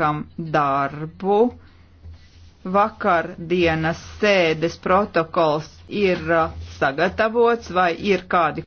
sākam darbu. Vakar dienas sēdes protokols ir uh, sagatavots vai ir kādi